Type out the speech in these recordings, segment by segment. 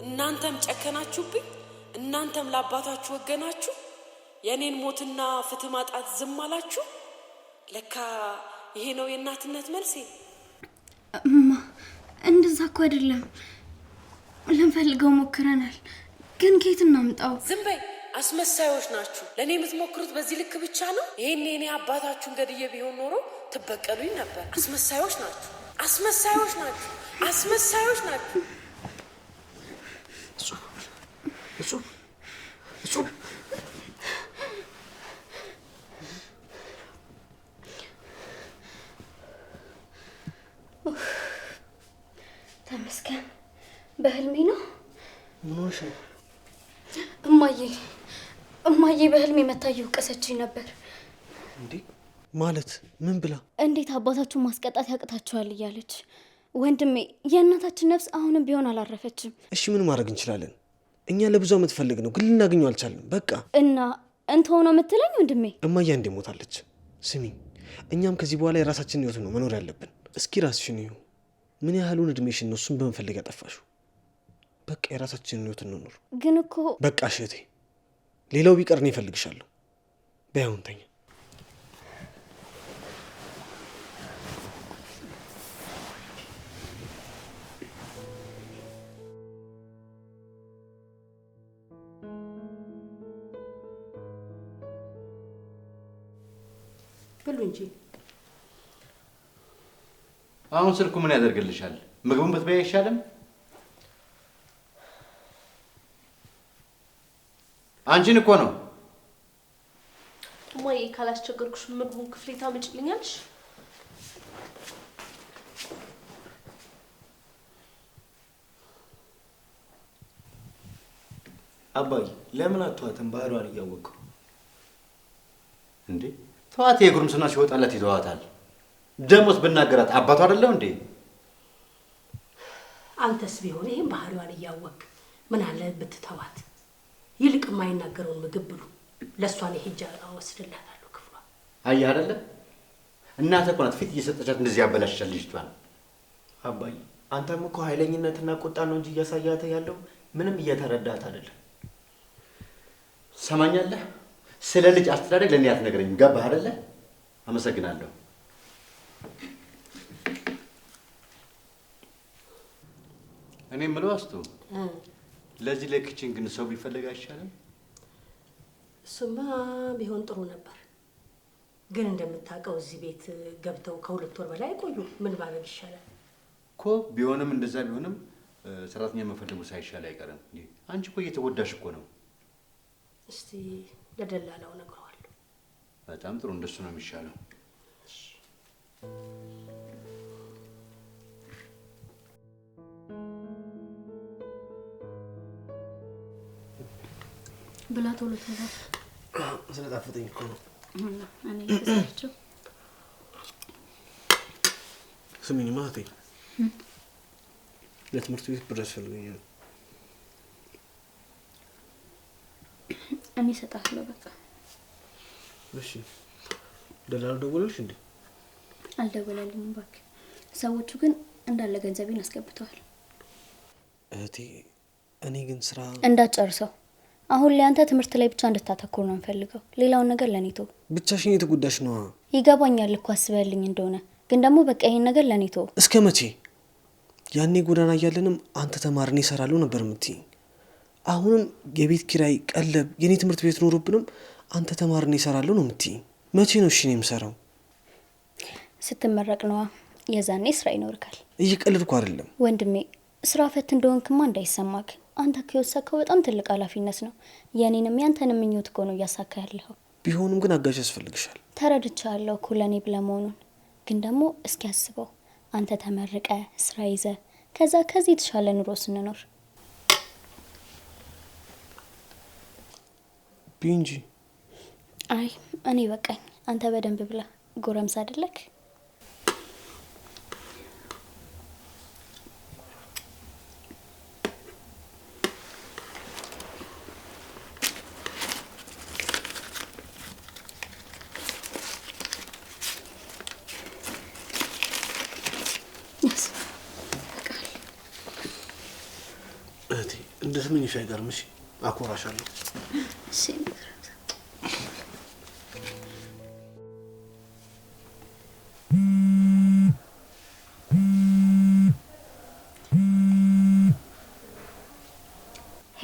እናንተም ጨከናችሁብኝ፣ እናንተም ለአባታችሁ ወገናችሁ፣ የእኔን ሞትና ፍትህ ማጣት ዝም አላችሁ። ለካ ይሄ ነው የእናትነት መልሴ። እማ እንደዛ እኮ አይደለም። ልንፈልገው ሞክረናል፣ ግን ከየት እናምጣው? ዝም በይ፣ አስመሳዮች ናችሁ። ለእኔ የምትሞክሩት በዚህ ልክ ብቻ ነው? ይህን የኔ አባታችሁን ገድዬ ቢሆን ኖሮ ትበቀሉኝ ነበር። አስመሳዮች ናችሁ፣ አስመሳዮች ናችሁ፣ አስመሳዮች ናችሁ። እጹብ እጹብ እጹብ ተመስገን። በህልሜ ነው። ምን ሆንሽ ነው? እማዬ እማዬ በህልሜ መታ እየወቀሰችኝ ነበር። እንዴ ማለት ምን ብላ? እንዴት አባታችሁን ማስቀጣት ያቅታችኋል እያለች ወንድሜ የእናታችን ነፍስ አሁንም ቢሆን አላረፈችም። እሺ ምን ማድረግ እንችላለን? እኛ ለብዙ ዓመት ፈልግ ነው ግን ልናገኘው አልቻልንም። በቃ እና እንተው ነው የምትለኝ? ወንድሜ እማያ አንዴ ሞታለች። ስሚ፣ እኛም ከዚህ በኋላ የራሳችንን ህይወት ነው መኖር ያለብን። እስኪ ራስሽን ይሁ ምን ያህሉን እድሜሽን ነው እሱን በመፈለግ ያጠፋሹ? በቃ የራሳችንን ህይወት እንኖር። ግን እኮ በቃ እህቴ፣ ሌላው ቢቀር እኔ እፈልግሻለሁ። በያሁንተኛ ብሉ እንጂ። አሁን ስልኩ ምን ያደርግልሻል? ምግቡን ብትበይ አይሻልም? አንቺን እኮ ነው እማዬ። ካላስቸገርኩሽ ምግቡን ክፍሌ ታመጭልኛለሽ? አባይ ለምን አቷትን ባህሏን እያወቅሁ እንዴ ተዋት የጉርምስና ሲወጣላት ይተዋታል። ደሞስ ብናገራት አባቱ አይደለሁ እንዴ? አንተስ ቢሆን ይህም ባህሪዋን እያወቅ ምን አለ ብትተዋት። ይልቅ የማይናገረውን ምግብ ብሉ። ለእሷን ሄጃ ወስድላታለሁ ክፍሏ። አየህ አይደለ እናተ እኮ ናት ፊት እየሰጠቻት እንደዚህ ያበላሻል ልጅቷን። አባዬ አንተም እኮ ኃይለኝነትና ቁጣ ነው እንጂ እያሳያተ ያለው ምንም እየተረዳት አይደለም። ሰማኛለህ ስለ ልጅ አስተዳደግ ለእኔ አትነግረኝም። ገባህ አይደለ? አመሰግናለሁ። እኔ የምለው አስቱ፣ ለዚህ ለክችን ግን ሰው ቢፈለግ አይሻልም? እሱማ ቢሆን ጥሩ ነበር፣ ግን እንደምታውቀው እዚህ ቤት ገብተው ከሁለት ወር በላይ ቆዩ። ምን ባደርግ ይሻላል እኮ ቢሆንም፣ እንደዛ ቢሆንም ሰራተኛ መፈለጉ ሳይሻል አይቀርም። አንቺ እኮ እየተጎዳሽ እኮ ነው። እስቲ ለደላላው ነግረዋለሁ። በጣም ጥሩ፣ እንደሱ ነው የሚሻለው። ብላ ቶሎ ቶሎ ስለጣፈጠኝ እኮ ነው። ስሚኝማ እህቴ ለትምህርት ቤት ብር ያስፈልገኛል። እኔ እሰጣለሁ። በቃ እሺ። ደላላ ደወለልሽ እንዴ? አልደወለልኝም እባክህ። ሰዎቹ ግን እንዳለ ገንዘቤን አስገብተዋል። እህቴ፣ እኔ ግን ስራ እንዳትጨርሰው። አሁን ለአንተ አንተ ትምህርት ላይ ብቻ እንድታተኩር ነው የምፈልገው ሌላውን ነገር ለእኔ ተው። ብቻሽን የተጎዳሽ ነዋ። ይገባኛል እኮ አስበልኝ እንደሆነ ግን ደግሞ በቃ ይሄን ነገር ለእኔ ተው። እስከ መቼ? ያኔ ጎዳና እያለንም አንተ ተማርን ይሰራሉ ነበር ምትይ አሁንም የቤት ኪራይ ቀለብ የኔ ትምህርት ቤት ኖሮብንም አንተ ተማር እኔ ነው የምትይኝ? መቼ ነው እሺ የምሰራው? ስትመረቅ ነዋ። የዛኔ ስራ ይኖርካል። እየቀለድኩ አይደለም ወንድሜ። ስራ ፈት እንደሆንክማ እንዳይሰማክ። አንተ ከወሰከው በጣም ትልቅ ኃላፊነት ነው። የእኔንም ያንተንም ምኞት እኮ ነው እያሳካ ያለኸው። ቢሆንም ግን አጋዥ ያስፈልግሻል። ተረድቻለሁ እኮ ለእኔ ብለ መሆኑን። ግን ደግሞ እስኪ አስበው አንተ ተመርቀ ስራ ይዘ ከዛ ከዚህ የተሻለ ኑሮ ስንኖር ብይ እንጂ። አይ እኔ በቃኝ። አንተ በደንብ ብላ። ጎረምስ አይደለክ? እህቴ እንደዚህ ምን አይገርምሽ? አኮራሻለሁ Seni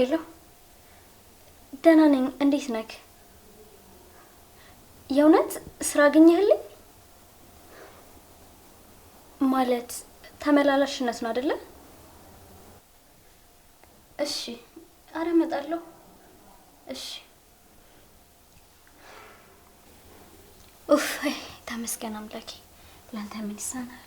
ሄሎ፣ ደህና ነኝ። እንዴት ነክ? የእውነት ስራ አገኘህልኝ? ማለት ተመላላሽነት ነው አይደለ? እሺ፣ አረ እመጣለሁ። እሺ ኡፍ ተመስገን አምላኬ፣ ላንተ ምን ይሳናል?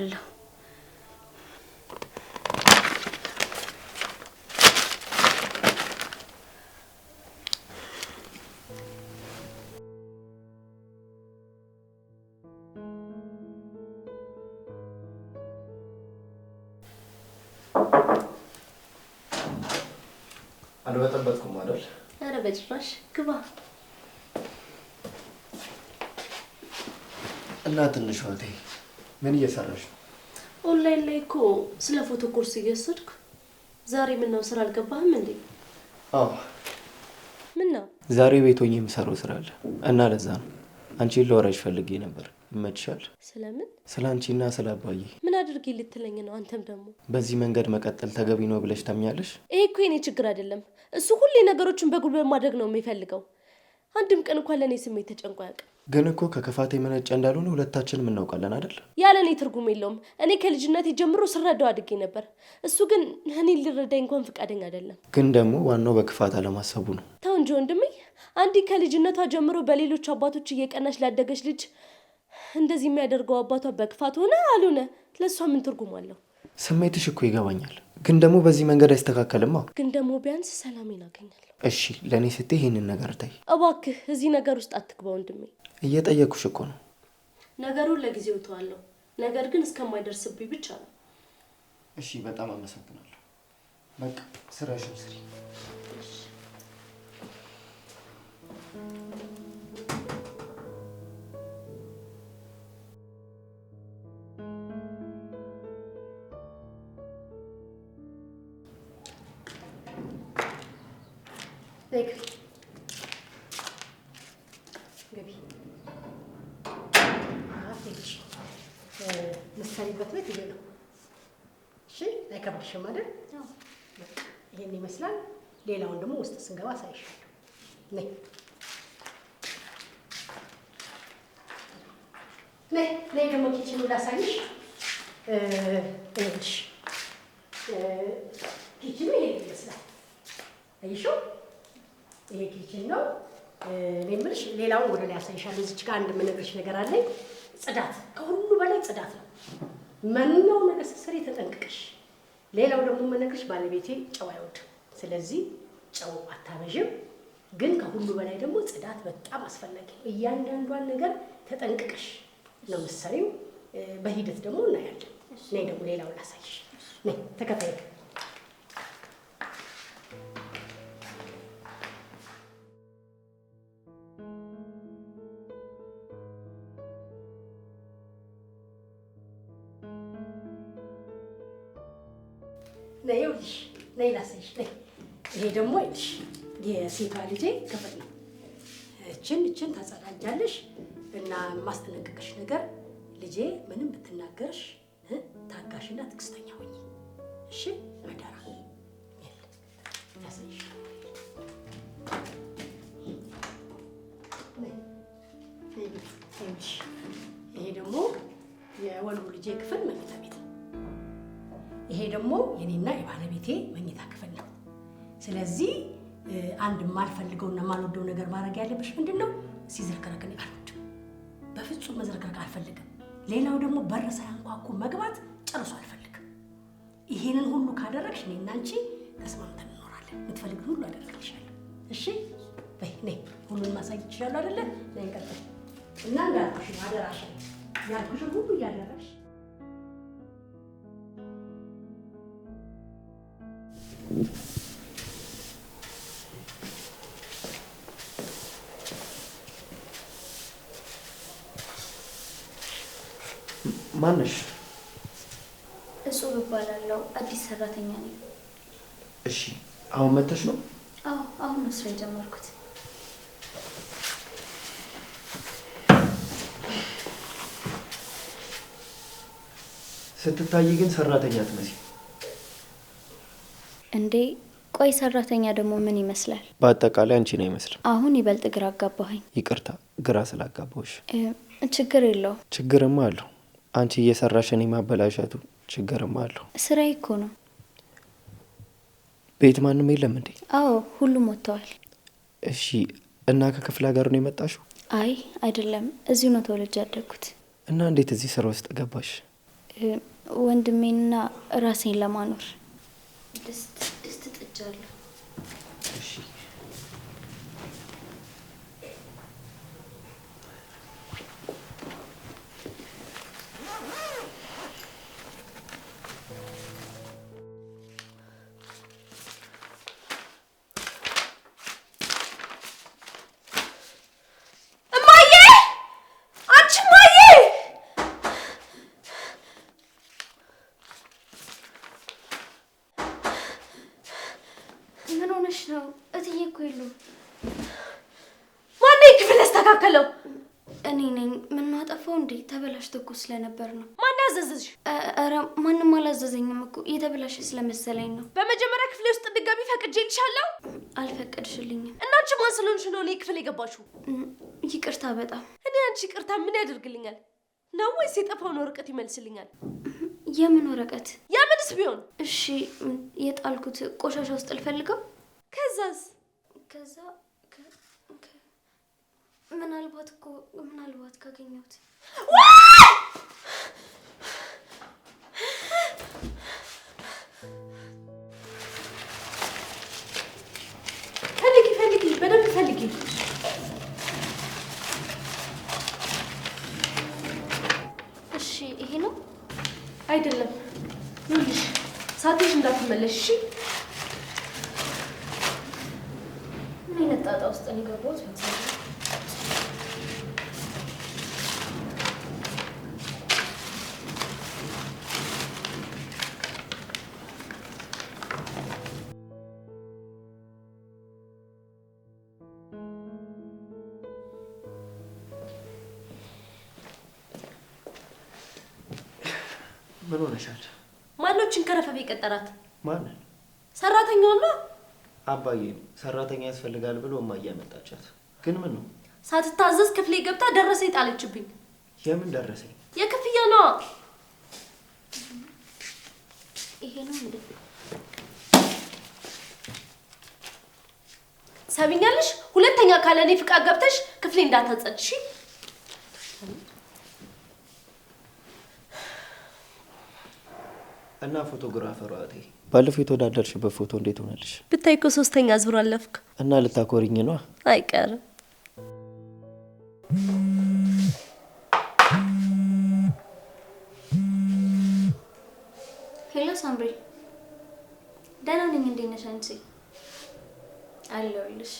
አሳርፋለሁ። አልበጠበጥኩም አይደል? ኧረ በጭራሽ ግባ እና ትንሽ ምን እየሰራሽ ነው? ኦንላይን ላይ እኮ ስለ ፎቶ ኮርስ እየወሰድኩ ዛሬ ምን ነው ስራ አልገባህም እንዴ? አዎ። ምን ነው ዛሬ ቤት ሆኜ የምሰራው ስራ አለ እና ለዛ ነው አንቺን ለወራ ፈልጌ ነበር። ይመችሻል። ስለምን? ስለ አንቺና ስለ አባዬ። ምን አድርጌ ልትለኝ ነው? አንተም ደግሞ በዚህ መንገድ መቀጠል ተገቢ ነው ብለሽ ታምኛለሽ? ይሄ እኮ የኔ ችግር አይደለም። እሱ ሁሌ ነገሮችን በጉልበት ማድረግ ነው የሚፈልገው። አንድም ቀን እንኳን ለእኔ ስሜት ተጨንቆ ያውቅም። ግን እኮ ከክፋት የመነጨ እንዳልሆነ ሁለታችንም እናውቃለን አይደል? ያለ እኔ ትርጉም የለውም። እኔ ከልጅነቴ ጀምሮ ስረዳው አድጌ ነበር። እሱ ግን እኔ ሊረዳኝ እንኳን ፈቃደኛ አይደለም። ግን ደግሞ ዋናው በክፋት አለማሰቡ ነው። ተው እንጂ ወንድሜ፣ አንዲት ከልጅነቷ ጀምሮ በሌሎች አባቶች እየቀናች ላደገች ልጅ እንደዚህ የሚያደርገው አባቷ በክፋት ሆነ አልሆነ ለእሷ ምን ትርጉም አለው? ስሜትሽ እኮ ይገባኛል፣ ግን ደግሞ በዚህ መንገድ አይስተካከልማ። ግን ደግሞ ቢያንስ ሰላሜን ይናገኛል። እሺ፣ ለእኔ ስትይ ይህንን ነገር ታይ። እባክህ እዚህ ነገር ውስጥ አትግባ ወንድሜ። እየጠየኩሽ እኮ ነው። ነገሩን ለጊዜው ተዋለሁ፣ ነገር ግን እስከማይደርስብኝ ብቻ ነው። እሺ፣ በጣም አመሰግናለሁ። በቃ ስራሽን ስሪ። ደግሞ ውስጥ ስንገባ ሳይሻለሁ ነይ ነይ ነይ ደግሞ ኪችኑ ላሳይሽ። ይኸውልሽ ኪችኑ ይሄ ይመስላል። አይሽው ይሄ ኪችን ነው። እኔ የምልሽ ሌላውን ወደ ላይ አሳይሻለሁ። እዚች ጋር አንድ የምነግርሽ ነገር አለኝ። ጽዳት፣ ከሁሉ በላይ ጽዳት ነው። ማንኛውም ነገር ስትሰሪ ተጠንቅቀሽ። ሌላው ደግሞ የምነግርሽ ባለቤቴ ጨው አይወድም። ስለዚህ ጨው አታበዥም። ግን ከሁሉ በላይ ደግሞ ጽዳት በጣም አስፈላጊ ነው። እያንዳንዷን ነገር ተጠንቅቀሽ ነው የምትሰሪው። በሂደት ደግሞ እናያለን። እኔ ደግሞ ሌላውን ላሳይሽ። ተከታይ ነይ፣ ይኸውልሽ ነይ ላሳይሽ ነይ ይሄ ደግሞ የሴቷ ልጄ ክፍል ነው። እችን እችን ታጸዳጃለሽ እና የማስጠነቅቅሽ ነገር ልጄ ምንም ብትናገርሽ ታጋሽና ትዕግስተኛ ሆኝ እሺ መዳራ ያሳይሽ ይሄ ደግሞ የወንዱ ልጄ ክፍል መኝታ ቤት ነው። ይሄ ደግሞ የኔና የባለቤቴ መኝታ ክፍል ነው። ስለዚህ አንድ የማልፈልገውና የማልወደው ነገር ማድረግ ያለብሽ ምንድን ነው? ሲዝረከረክ እኔ አልወድም። በፍጹም መዝረከረክ አልፈልግም። ሌላው ደግሞ በር ሳያንኳኩ መግባት ጨርሶ አልፈልግም። ይሄንን ሁሉ ካደረግሽ እኔና አንቺ ተስማምተን እንኖራለን። የምትፈልግ ሁሉ አደረግልሻለሁ። እሺ በይ ሁሉን ማሳየት ይችላሉ አይደለ? ነይ ቀጥል እና እንዳልኩሽ አደራሽ ያልኩሽን ሁሉ እያደረግሽ Thank you. ማነሽ? እጹብ እባላለሁ። አዲስ ሰራተኛ ነኝ። እሺ፣ አሁን መተሽ ነው? አዎ፣ አሁን ነው ስራ የጀመርኩት። ስትታይ ግን ሰራተኛ ትመስል እንዴ? ቆይ ሰራተኛ ደግሞ ምን ይመስላል? በአጠቃላይ አንቺ ነው አሁን ይበልጥ ግራ አጋባኸኝ። ይቅርታ ግራ ስላጋባሁሽ። ችግር የለው። ችግርማ አለው። አንቺ እየሰራሽ እኔ ማበላሸቱ ችግርም አለው። ስራዬ እኮ ነው። ቤት ማንም የለም እንዴ? አዎ፣ ሁሉም ወጥተዋል። እሺ፣ እና ከክፍለ ሀገር ነው የመጣሽው? አይ አይደለም፣ እዚሁ ነው ተወልጄ ያደግኩት። እና እንዴት እዚህ ስራ ውስጥ ገባሽ? ወንድሜንና ራሴን ለማኖር ደስ ደስ ጥጃለሁ። እሺ በለው። እኔ ነኝ የምናጠፋው። እንዴ ተበላሽ ተኩ ስለነበር ነው። ማን አዘዘሽ? ኧረ ማንም አላዘዘኝም እኮ የተበላሸ ስለመሰለኝ ነው። በመጀመሪያ ክፍሌ ውስጥ ድጋሚ ፈቅጄልሻለሁ። አልፈቀድሽልኝም። እና አንቺ ማን ስለሆንሽ ነው እኔ ክፍል የገባችሁ? ይቅርታ በጣም እኔ አንቺ ይቅርታ ምን ያደርግልኛል ነው ወይስ የጠፋውን ወረቀት ይመልስልኛል? የምን ወረቀት? የምንስ ቢሆን እሺ፣ የጣልኩት ቆሻሻ ውስጥ ልፈልገው? ከዛስ? ከዛ ምናልባት እኮ ምናልባት ካገኘሁት ይሄ አይደለም። ሳትሽ እንዳትመለሽ ምን አይነት ጣጣ ውስጥ ነው የገባሁት? ማንን? ሰራተኛዋን ነው። አባዬ ሰራተኛ ያስፈልጋል ብሎ እማዬ አመጣቻት። ግን ምን ነው ሳትታዘዝ ክፍሌ ገብታ ደረሰኝ ጣለችብኝ። የምን ደረሰኝ? የክፍያ ነው። ይሄ ነው እንዴ? ሰሚኛለሽ? ሁለተኛ ካለኔ ፍቃድ ገብተሽ ክፍሌ እንዳታጸድሽ። እና ፎቶግራፈሯ እቴ ባለፈው የተወዳደርሽበት ፎቶ እንዴት ሆነልሽ? ብታይ እኮ ሶስተኛ ዙር አለፍክ እና ልታኮርኝ ነ አይቀርም። ሄሎ ሳምሪ፣ ደህና ነኝ። እንዴት ነሽ አንቺ? አለሁልሽ።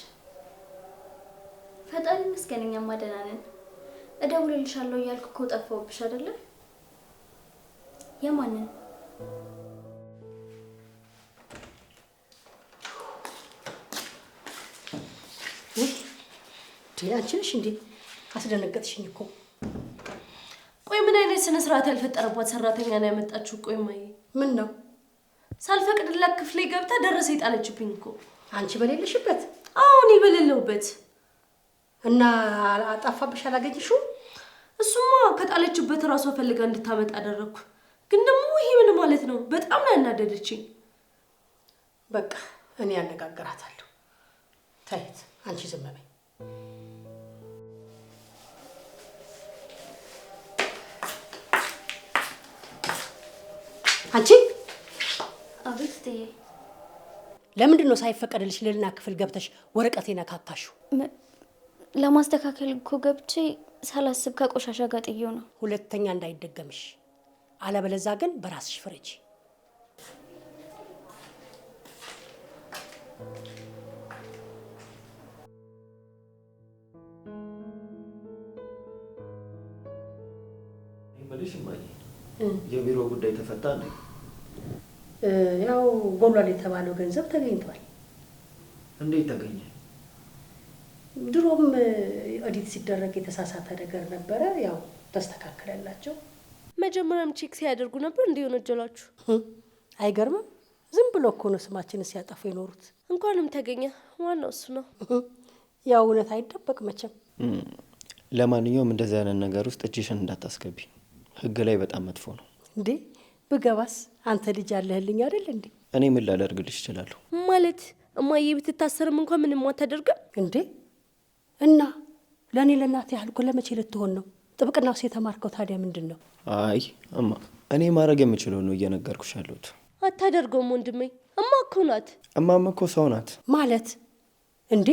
ፈጣሪ ይመስገን፣ እኛማ ደህና ነን። እደውልልሻለሁ እያልኩ እኮ ጠፋሁብሽ አይደለም? የማንን ነሽ እንዴ አስደነገጥሽኝ እኮ። ቆይ ምን አይነት ስነ ስርዓት ያልፈጠረባት ሰራተኛ ነው ያመጣችሁ? ቆይ ማየ ምን ነው ሳልፈቅድላት ክፍሌ ገብታ ደረሰ የጣለችብኝ እኮ አንቺ በሌለሽበት። አሁን በሌለውበት እና አጣፋብሽ አላገኝሽው። እሱማ ከጣለችበት እራሷ ፈልጋ እንድታመጣ አደረግኩ። ግን ደግሞ ይሄ ምን ማለት ነው? በጣም ነው ያናደደችኝ። በቃ እኔ ያነጋግራታለሁ። ታየት አንቺ ዝም በይ። አንቺ አብስትዬ፣ ለምንድን ነው ሳይፈቀደልሽ ልዕልና ክፍል ገብተሽ ወረቀቴን አካካሽው? ለማስተካከል እኮ ገብቼ ሳላስብ ከቆሻሻ ጋር ጥዬው ነው። ሁለተኛ እንዳይደገምሽ፣ አለበለዛ ግን በራስሽ ፍረጂ። የቢሮ ጉዳይ ተፈታ ነው ያው ጎሏል የተባለው ገንዘብ ተገኝቷል። እንዴት ተገኘ? ድሮም ኦዲት ሲደረግ የተሳሳተ ነገር ነበረ፣ ያው ተስተካከለላቸው። መጀመሪያም ቼክ ሲያደርጉ ነበር እንዲ የወነጀሏችሁ። አይገርምም? ዝም ብሎ እኮ ነው ስማችንን ሲያጠፉ የኖሩት። እንኳንም ተገኘ፣ ዋናው እሱ ነው። ያው እውነት አይደበቅ መቼም። ለማንኛውም እንደዚህ አይነት ነገር ውስጥ እጅሽን እንዳታስገቢ፣ ህግ ላይ በጣም መጥፎ ነው እንዴ ብገባስ አንተ ልጅ አለህልኝ አይደል እንዴ? እኔ ምን ላደርግልሽ እችላለሁ? ማለት እማዬ ብትታሰርም እንኳን ምንም አታደርግም እንዴ? እና ለእኔ ለእናት ያህልኩ ለመቼ ልትሆን ነው? ጥብቅናውስ የተማርከው ታዲያ ምንድን ነው? አይ እማ፣ እኔ ማድረግ የምችለው ነው እየነገርኩሽ ያለሁት። አታደርገውም ወንድሜ። እማ እኮ ናት። እማም እኮ ሰው ናት ማለት እንዴ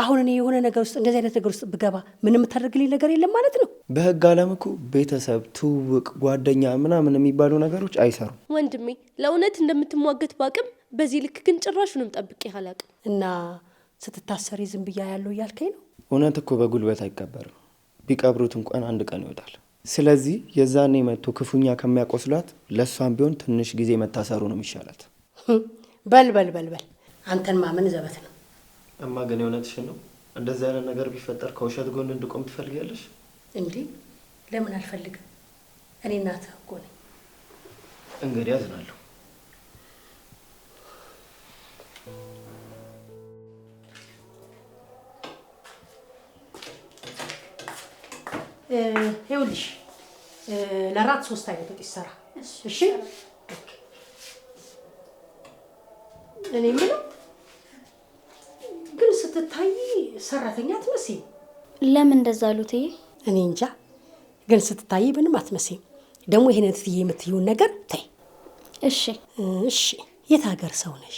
አሁን እኔ የሆነ ነገር ውስጥ እንደዚህ አይነት ነገር ውስጥ ብገባ ምን የምታደርግልኝ ነገር የለም ማለት ነው። በህግ ዓለም እኮ ቤተሰብ፣ ትውውቅ፣ ጓደኛ ምናምን የሚባሉ ነገሮች አይሰሩም። ወንድሜ ለእውነት እንደምትሟገት በአቅም በዚህ ልክ ግን ጭራሹንም ጠብቄ አላቅም እና ስትታሰሪ ዝም ብያ ያለው እያልከኝ ነው። እውነት እኮ በጉልበት አይቀበርም። ቢቀብሩት እንኳን አንድ ቀን ይወጣል። ስለዚህ የዛኔ መጥቶ ክፉኛ ከሚያቆስሏት ለእሷም ቢሆን ትንሽ ጊዜ መታሰሩ ነው የሚሻላት። በል በል በል በል አንተን ማመን ዘበት ነው። እማ ግን የእውነትሽን ነው? እንደዚህ አይነት ነገር ቢፈጠር ከውሸት ጎን እንድቆም ትፈልጊያለሽ? እንዴ ለምን አልፈልግም። እኔ እናትህ እኮ ነኝ። እንግዲህ አዝናለሁ። ይኸውልሽ ለራት ሶስት አይነት ወጥ ይሰራ። እሺ እኔ የምለው ግን ስትታይ ሰራተኛ አትመስይም። ለምን እንደዛ አሉት? እኔ እንጃ። ግን ስትታይ ምንም አትመስይም። ደግሞ ይሄን ትዬ የምትይውን ነገር ተይ። እሺ እሺ። የት ሀገር ሰው ነሽ?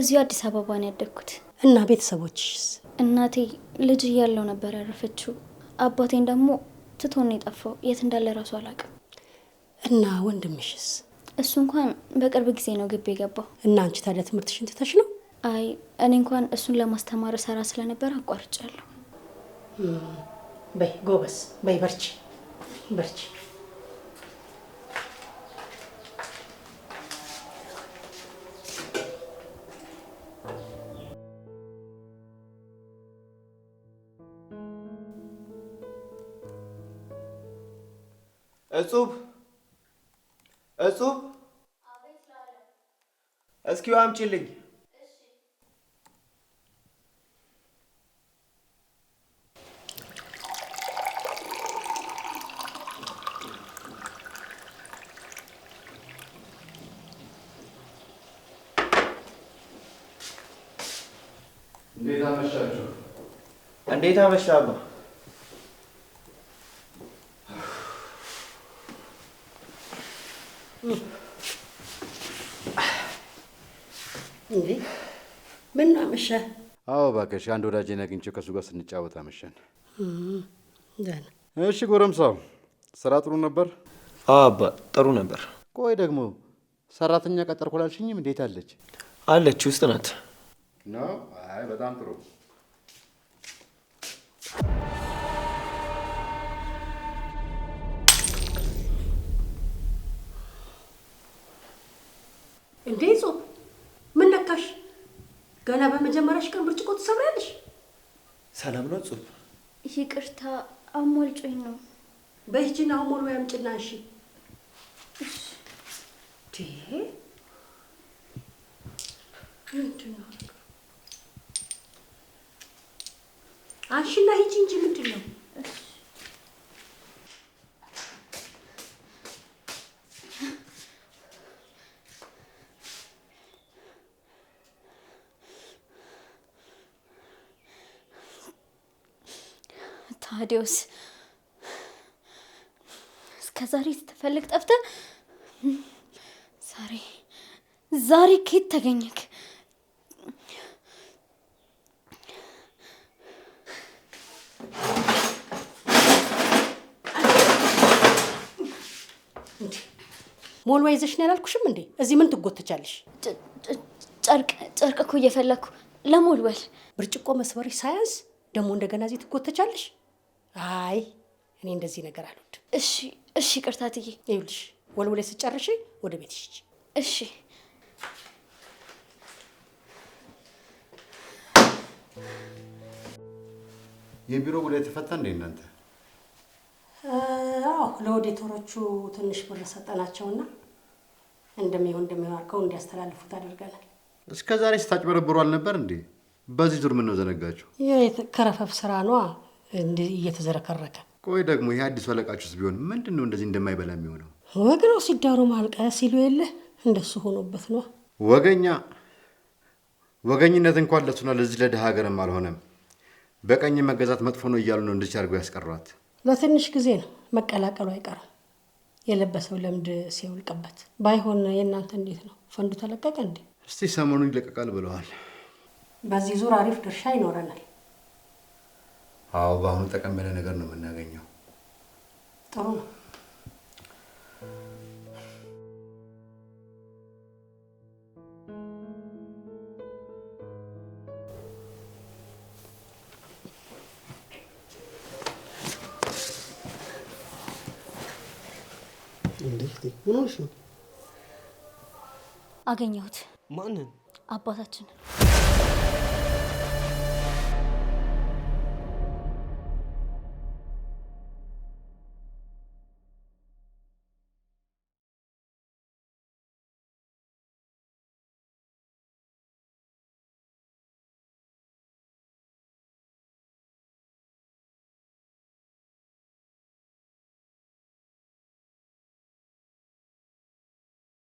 እዚሁ አዲስ አበባ ነው ያደግኩት። እና ቤተሰቦችስ? እናቴ ልጅ እያለው ነበር ያረፈችው። አባቴን ደግሞ ትቶን የጠፋው የት እንዳለ ራሱ አላውቅም። እና ወንድምሽስ? እሱ እንኳን በቅርብ ጊዜ ነው ግቢ የገባው። እና አንቺ ታዲያ ትምህርትሽን ትተሽ ነው አይ እኔ እንኳን እሱን ለማስተማር ሰራ ስለነበር አቋርጫለሁ። በይ ጎበስ፣ በይ በርቺ፣ በርቺ። እጹብ እጹብ፣ እስኪ አምጪልኝ እንዴት አመሻ አባ? ምን አመሻ? አዎ እባክሽ፣ አንድ ወዳጄን አግኝቼው ከእሱ ጋር ስንጫወት አመሸን። እሺ ጎረምሳው፣ ስራ ጥሩ ነበር? አዎ አባ፣ ጥሩ ነበር። ቆይ ደግሞ ሰራተኛ ቀጠርኩ አላልሽኝም? እንዴት አለች? አለች፣ ውስጥ ናት። አይ በጣም ጥሩ ገና በመጀመሪያሽ ቀን ብርጭቆ ትሰብሪያለሽ። ሰላም ነው ጽሁፍ? ይቅርታ አሞልጮኝ ነው። በሂጂና አሞል ወይ አምጪና። እሺ አንሺና ሂጂ እንጂ ምንድን ነው ታዲዮስ እስከ ዛሬ ስትፈልግ ጠፍተ ዛሬ ዛሬ ከየት ተገኘክ? ሞልዋ ይዘሽ ነው ያላልኩሽም እንዴ? እዚህ ምን ትጎተቻለሽ? ጨርቅ እኮ እየፈለግኩ ለሞልወል ብርጭቆ መስበርሽ ሳያንስ ደግሞ እንደገና እዚህ ትጎተቻለሽ። አይ እኔ እንደዚህ ነገር አሉት። እሺ እሺ፣ ቅርታ ትዬ ይኸውልሽ፣ ወልውሌ ስጨርሽ ወደ ቤት ሂጂ። እሺ የቢሮ ጉዳይ ተፈታ እንዴ እናንተ? አዎ ለኦዲተሮቹ ትንሽ ብር ሰጠናቸውና እንደሚሆን እንደሚሆን አድርገው እንዲያስተላልፉት አድርገናል። እስከ ዛሬ ስታጭበረብሩ አልነበር እንዴ? በዚህ ዙር ምን ነው ዘነጋችሁ? የከረፈፍ ስራ ነዋ እየተዘረከረከ ቆይ ደግሞ ይህ አዲሱ አለቃችሁስ ቢሆን ምንድን ነው እንደዚህ እንደማይበላ የሚሆነው? ወግነው ሲዳሩ ማልቀ ሲሉ የለ እንደሱ ሆኖበት ነው። ወገኛ ወገኝነት እንኳን ለሱና ለዚህ ለድሃ ሀገርም አልሆነም። በቀኝ መገዛት መጥፎ ነው እያሉ ነው እንድች አድርገው ያስቀሯት። ለትንሽ ጊዜ ነው መቀላቀሉ አይቀርም። የለበሰው ለምድ ሲውልቅበት ባይሆን የእናንተ እንዴት ነው ፈንዱ ተለቀቀ እንዴ? እስቲ ሰሞኑን ይለቀቃል ብለዋል። በዚህ ዙር አሪፍ ድርሻ ይኖረናል። አዎ በአሁኑ ጠቀም ያለ ነገር ነው የምናገኘው። ጥሩ አገኘሁት። ማንን? አባታችንን